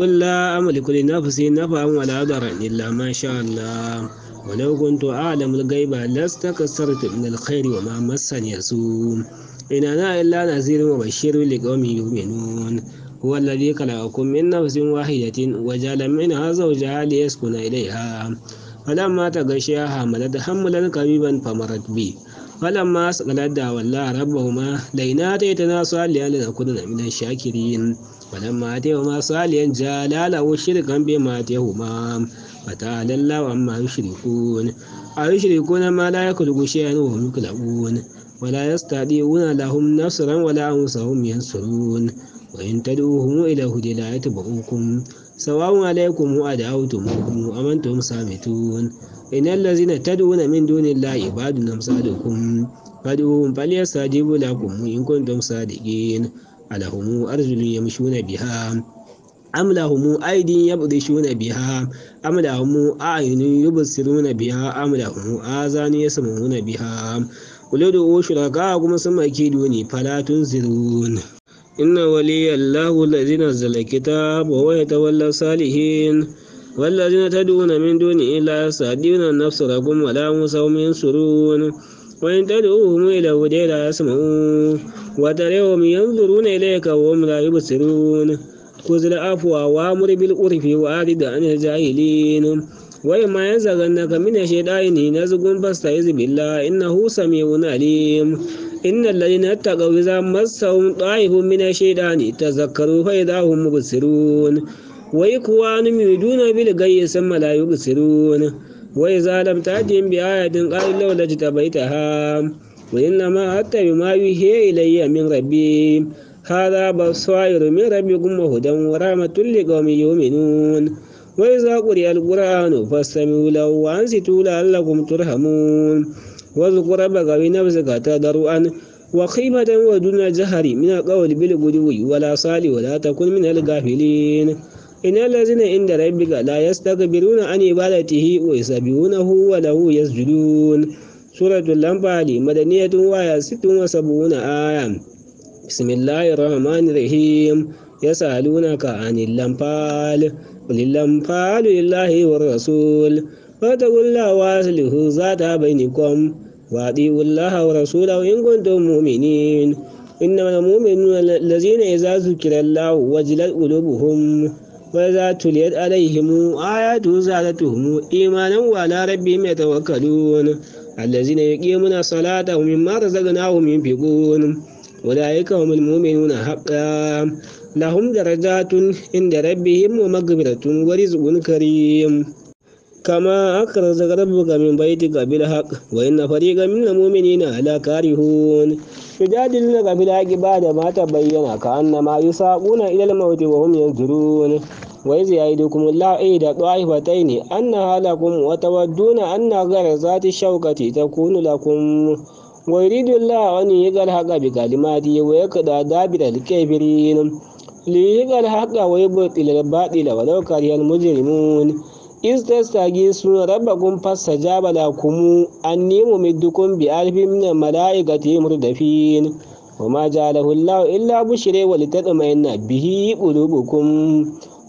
قل لا أملك لنفسي نفعا ولا ضرا إلا ما شاء الله ولو كنت أعلم الغيب لاستكثرت من الخير وما مسني سوء إن أنا إلا نذير وبشير لقوم يؤمنون هو الذي خلقكم من نفس واحدة وجعل منها زوجها ليسكن إليها فلما تغشيها حملت حملا كبيبا فمرت به فلما سقلت ولا ربهما لئن آتيتنا صالحا لنكونن من الشاكرين فلما آتيهما صالحا جعل له شركا بما آتيهما فتعالى الله عما يشركون أيشركون ما لا يخلق شيئا وهم يخلقون ولا يستطيعون لهم نصرا ولا أنفسهم ينصرون وإن تدعوهم إلى هدى لا يتبعوكم Sawawa alaikum a Adao Tumur, kuma Amintaun sami tun. Inna min doni laifin nam sadukun. Fadon, ɓaleyasa, dibula, kuma in kon don sadakin. Ala kuma arzikin yi ma shuna biya. Amina kuma I D in yi haɓre shuna biya. Amina a kuma A ina yi rubutu shuna kuma A zan yi doni faɗa zirun. إن ولي الله الذي نزل الكتاب وهو يتولى الصالحين والذين تدعون من دونه لا يستهدون النفس لكم ولا من ينصرون وإن تدعوهم إلى هدى لا يسمعون وتريهم ينظرون إليك وهم لا يبصرون خذ العفو وأمر بالعرف وأعرض عن الجاهلين وإما ينزغنك من الشيطان نزغ فاستعذ بالله إنه سميع عليم إن الذين اتقوا إذا مسهم طائف من الشيطان تذكروا فإذا هم مبصرون وإخوان يريدون بالغي ثم لا يبصرون وإذا لم تأتهم بآية قالوا لولا اجتبيتها وإنما أتى بما يوحي إلي من ربي هذا بصائر من ربكم وهدى ورحمة لقوم يؤمنون وإذا قرئ القرآن فاستمعوا له وأنصتوا لعلكم ترحمون واذكر بغوي نفسك تضرعا وخيمة ودون زهري من القول بالغدو ولا صال ولا تكن من الغافلين إن الذين عند ربك لا يستكبرون عن عبادته ويسبحونه وله يسجدون سورة الأنفال مدنية وآية 76 آية بسم الله الرحمن الرحيم يسألونك عن الأنفال قل الأنفال لله والرسول واتقوا الله وأصلحوا ذات بينكم وأطيعوا الله ورسوله إن كنتم مؤمنين إنما المؤمنون الذين إذا ذكر الله وجلت قلوبهم وإذا تليت عليهم آيات زادتهم إيمانا وعلى ربهم يتوكلون الذين يقيمون الصلاة ومما رزقناهم ينفقون أولئك هم المؤمنون حقا لهم درجات عند ربهم ومغفرة ورزق كريم كما أخرج ربك من بيتك بالحق وإن فريقا من المؤمنين لا كارهون يجادلونك بالحق بعد ما تبين كأنما يساقون إلى الموت وهم ينكرون وإذ يعدكم الله إيد طائفتين أنها لكم وتودون أن غير ذات الشوكة تكون لكم ويريد الله أن يجعل الحق بكلماته ويقضى دابر الكافرين ليجعل الحق ويبطل الباطل ولو كره المجرمون istastagisuna rabbakum fastajaba lakum anni mumiddukum bi alfin min malaikati murdafin وما جعله الله إلا بشرى ولتطمئن به قلوبكم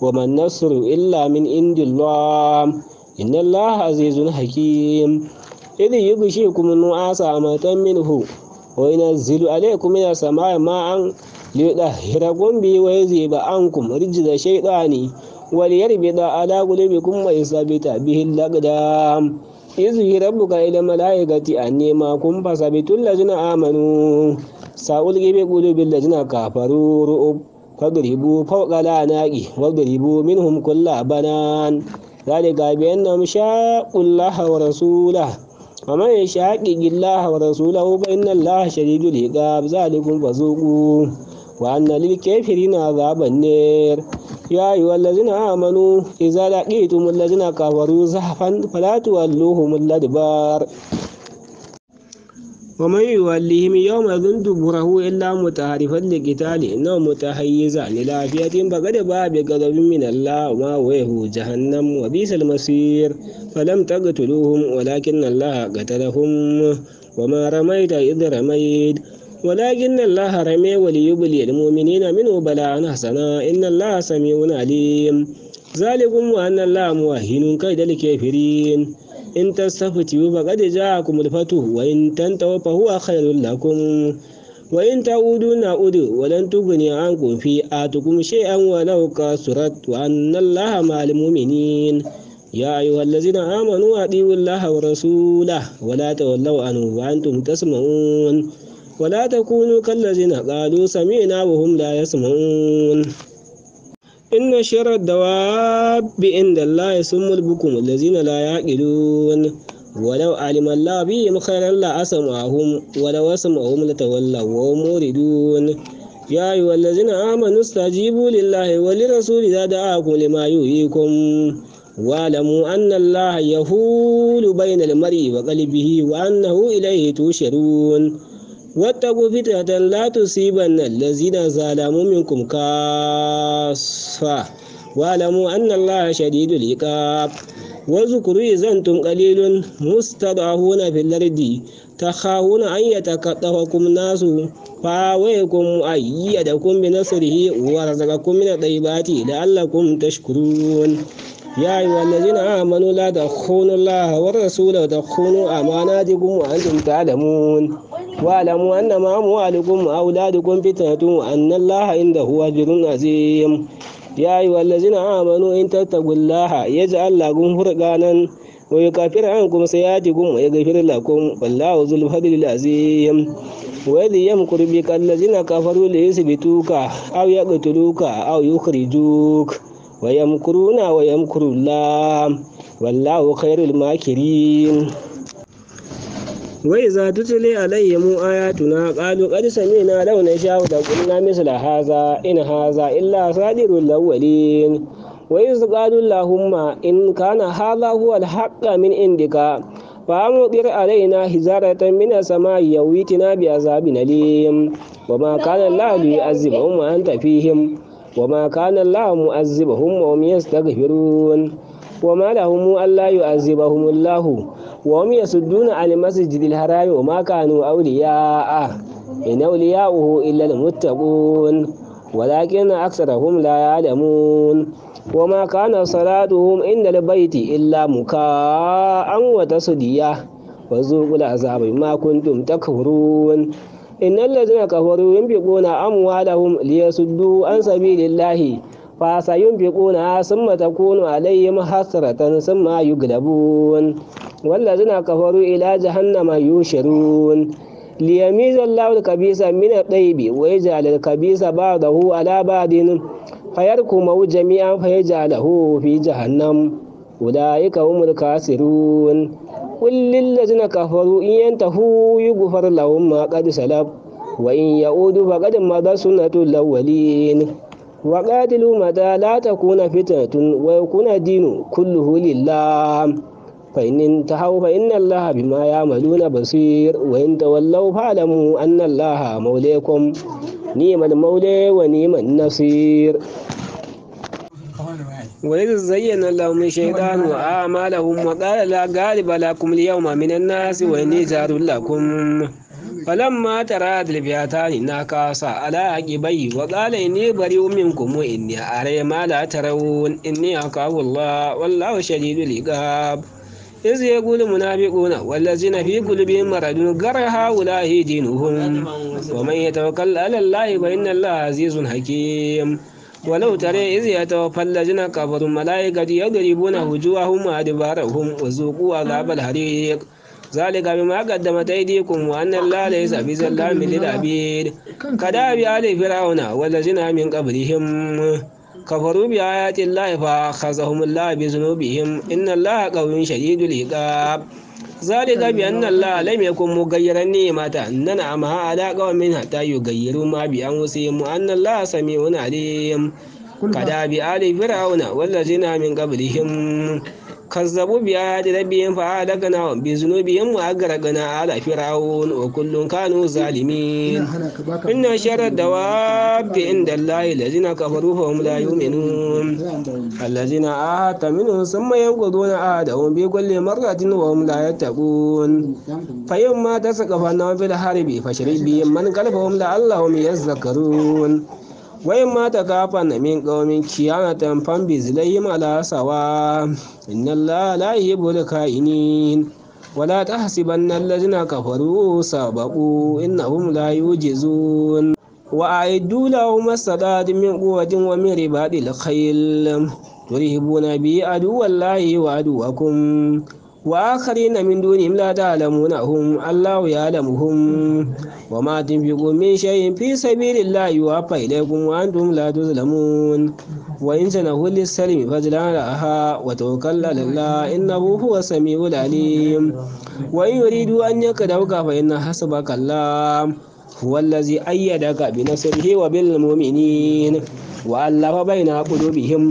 وما النصر إلا من عند الله إن الله عزيز حكيم إذ يغشيكم النعاس أمة منه وينزل عليكم من السماء ماء ليطهركم به ويذهب عنكم رجز الشيطان وليربط على قلوبكم ويثبت به الأقدام إذ ربك إلى الملائكة أني معكم فثبتوا الذين آمنوا سألقي بقلوب الذين كفروا رؤب فاضربوا فوق الأعناق واضربوا منهم كل بنان ذلك بأنهم شاقوا الله ورسوله ومن يشاقق الله ورسوله فإن الله شديد العقاب ذلكم فذوقوا وأن للكافرين عذاب النير يا أيها الذين آمنوا إذا لقيتم الذين كفروا زحفا فلا تولوهم الأدبار ومن يولهم ذن دبره إلا متعرفا لقتال إنه متحيزا للعافية بقد باب بغضب من الله وما ويه جهنم وبئس المصير فلم تقتلوهم ولكن الله قتلهم وما رميت إذ رميت ولكن الله رمي وليبلي المؤمنين منه بلاء حسنا إن الله سميع عليم ذلكم وأن الله موهن كيد الكافرين إن تستفتوا فقد جاءكم الفتح وإن تنتهوا فهو خير لكم وإن تعودوا نعود ولن تغني عنكم في آتكم شيئا ولو كثرت وأن الله مع المؤمنين يا أيها الذين آمنوا أطيعوا الله ورسوله ولا تولوا عنه وأنتم تسمعون ولا تكونوا كالذين قالوا سمعنا وهم لا يسمعون إن شر الدواب عند الله سم البكم الذين لا يعقلون ولو علم الله بهم خيرا لأسمعهم ولو أسمعهم لتولوا وهم موردون يا أيها الذين آمنوا استجيبوا لله وللرسول إذا دعاكم لما يحييكم واعلموا أن الله يحول بين المرء وقلبه وأنه إليه تشرون واتقوا فتنة لا تصيبن الذين ظلموا منكم كافة واعلموا أن الله شديد العقاب واذكروا إذا أنتم قليل مستضعفون في الأرض تخافون أن يتكتفكم الناس فآويكم أيدكم بنصره ورزقكم من الطيبات لعلكم تشكرون يا أيها الذين آمنوا لا تخونوا الله والرسول وتخونوا أماناتكم وأنتم تعلمون واعلموا أنما أموالكم وأولادكم فتنة وأن الله عنده أجر عظيم يا أيها الذين آمنوا إن تتقوا الله يجعل لكم فرقانا ويكفر عنكم سيئاتكم ويغفر لكم والله ذو الفضل العظيم وإذ يمكر بك الذين كفروا ليثبتوك أو يقتلوك أو يخرجوك ويمكرون ويمكر الله والله خير الماكرين وإذا تتلي عليهم آياتنا قالوا قد سمعنا لو نشاء لقلنا مثل هذا إن هذا إلا صادر الأولين وإذ قالوا اللهم إن كان هذا هو الحق من عندك فأمطر علينا حجارة من السماء يويتنا بعذاب أليم وما كان الله ليعذبهم وأنت فيهم وما كان الله معذبهم وهم يستغفرون وما لهم ألا يعذبهم الله وهم يسدون عن المسجد الحرام وما كانوا أولياءه إن أولياؤه إلا المتقون ولكن أكثرهم لا يعلمون وما كان صلاتهم عند البيت إلا مكاء وتصديا وذوقوا العذاب ما كنتم تكفرون إن الذين كفروا ينفقون أموالهم ليصدوا عن سبيل الله فسينفقونها ثم تكون عليهم حسرة ثم يغلبون والذين كفروا إلى جهنم يوشرون ليميز الله الكبيس من الطيب ويجعل الكبيس بعضه على بعض فيركمه جميعا فيجعله في جهنم أولئك هم الكاسرون قل للذين كفروا إن ينتهوا يغفر لهم ما قد سلف وإن يعودوا فقد مضى سنة الأولين وقاتلوا متى لا تكون فتنة ويكون الدين كله لله فإن انتهوا فإن الله بما يعملون بصير وإن تولوا فاعلموا أن الله مولاكم نيم المولى ونيم النصير وإذ زين لهم الشيطان وآمالهم وقال لا غالب لكم اليوم من الناس وإني جار لكم فلما tara dalbiyatani ناكاسا على عقبي وقال إني qala منكم bari'u أرى ما لا ترون إني tarawun الله والله شديد wallahu إذ يقول المنافقون والذين في قلوبهم مرض غر هؤلاء دينهم ومن يتوكل على الله فإن الله عزيز حكيم ولو ترى إذ يتوفى الذين كفروا الملائكة يضربون وجوههم وأدبارهم وذوقوا عذاب الحريق ذلك بما قدمت أيديكم وأن الله ليس بظلام للعبيد كذاب آل فرعون والذين من قبلهم كفروا بآيات الله فأخذهم الله بذنوبهم إن الله قوي شديد العقاب ذلك بأن الله لم يكن مغيرا نعمة ننعمها على قوم حتى يغيروا ما بأنفسهم وأن الله سميع عليم كذاب آل فرعون والذين من قبلهم كذبوا بآيات ربهم فأهلكناهم بذنوبهم وأغرقنا على فرعون وكل كانوا ظالمين إن شر الدواب عند الله الذين كفروا فهم لا يؤمنون الذين آهدت منهم ثم ينقضون عهدهم بكل مرة وهم لا يتقون فيما تسقفنهم في الحرب فشرب بهم من قلبهم لعلهم يذكرون وإما تخافن من قوم خيانة فانبذ إليهم على سواء إن الله لا يحب الخائنين ولا تحسبن الذين كفروا سبقوا إنهم لا يوجزون وأعدوا لهم الصلاة من قوة ومن رباط الخيل ترهبون به عدو الله وعدوكم وآخرين من دونهم لا تعلمونهم الله يعلمهم وما تنفقوا من شيء في سبيل الله يوفى إليكم وأنتم لا تظلمون وإن جنحوا للسلم فاجعل لها وتوكل على الله إنه هو السميع العليم وإن يريدوا أن يكدوك فإن حسبك الله هو الذي أيدك بنصره وبالمؤمنين وألف بين قلوبهم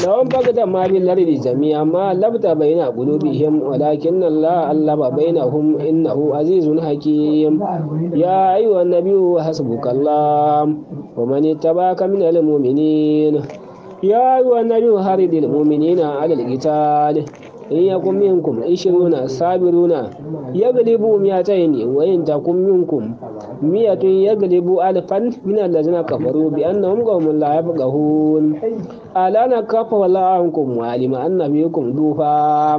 لهم بقد ما في الأرض جميعا ما لبت بين قلوبهم ولكن الله ألب بينهم إنه عزيز حكيم يا أيها النبي حسبك الله ومن اتبعك من المؤمنين يا أيها النبي حرد المؤمنين على القتال إن يكن منكم عشرون صابرون يغلبوا مئتين وإن تكن منكم مئة يغلبوا ألفا من الذين كفروا بأنهم قوم لا يفقهون ألا نكف ولا عنكم وعلم أن فيكم دوفا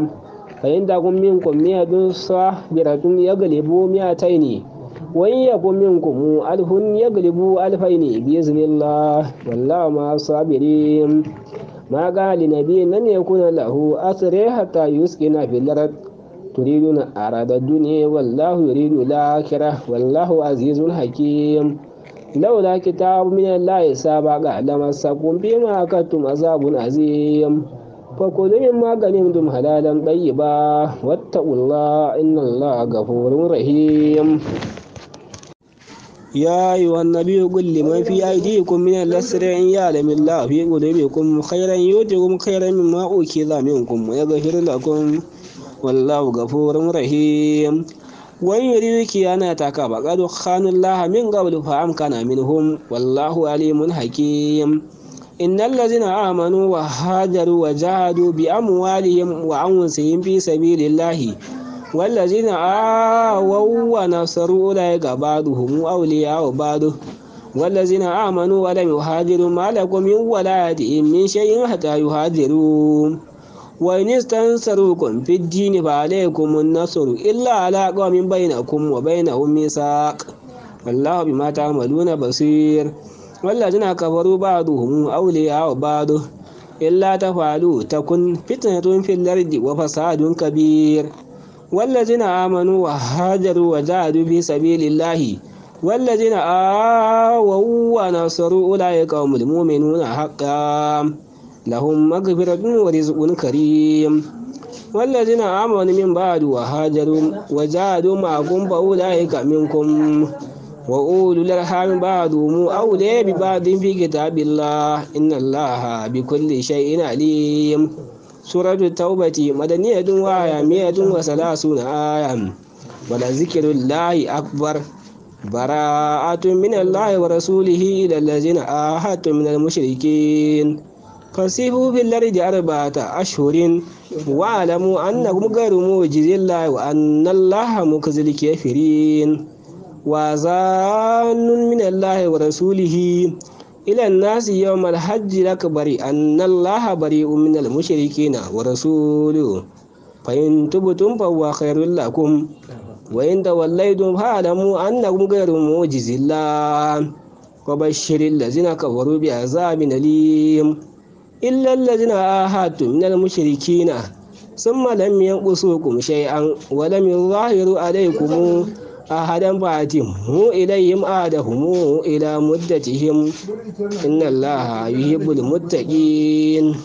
فإن تكن منكم مئة صابرة يغلبوا مئتين وإن يكن منكم ألف يغلبوا ألفين بإذن الله والله مع الصابرين ما قال لنبي لن يكون له أسر حتى يسكن في الأرض تريدون أراد الدنيا والله يريد الآخرة والله عزيز حكيم لولا كتاب من الله سابق لمسكم بما أكلتم عذاب عظيم فكلوا مما غنمتم حلالا طيبا واتقوا الله إن الله غفور رحيم يا أيها النبي قل لمن في أيديكم من الأسرع إن يعلم الله في قلوبكم خيرا يؤتكم خيرا مما أوكل منكم ويغفر لكم والله غفور رحيم وإن يريك أنا تاكا فقد خان الله من قبل فأمكن منهم والله عليم حكيم إن الذين آمنوا وهاجروا وجاهدوا بأموالهم وأنفسهم في سبيل الله والذين آووا ونصروا أولئك بعضهم أولياء بعض والذين آمنوا ولم يهاجروا ما لكم من ولايتهم من شيء حتى يهاجروا وإن استنصروكم في الدين فعليكم النصر إلا على قوم بينكم وبينهم ميثاق والله بما تعملون بصير والذين كفروا بعضهم أولياء بعض إلا تفعلوا تكن فتنة في الأرض وفساد كبير والذين آمنوا وهاجروا وجاهدوا في سبيل الله والذين آووا ونصروا أولئك هم المؤمنون حقا لهم مغفرة ورزق كريم والذين آمنوا من بعد وهاجروا وجادوا معكم فأولئك منكم وأولو الأرحام بعضهم أولى ببعض في كتاب الله إن الله بكل شيء عليم سورة التوبة مدنية وآية 130 آية ولذكر الله أكبر براءة من الله ورسوله إلى الذين آهدتم من المشركين فسيحوا في الأرض أربعة أشهر واعلموا أنكم غير معجز الله وأن الله مخزي الكافرين وأذان من الله ورسوله إلى الناس يوم الحج الأكبر أن الله بريء من المشركين ورسوله فإن تبتم فهو خير لكم وإن توليتم فاعلموا أنكم غير معجز الله وبشر الذين كفروا بعذاب أليم illal ladina ahadtum minal mushrikina summa lam yanqusukum shay'an wa lam yuzahiru alaykum ahadan fa'atimu ilayhim ahadahum ila muddatihim inna yuhibbul muttaqin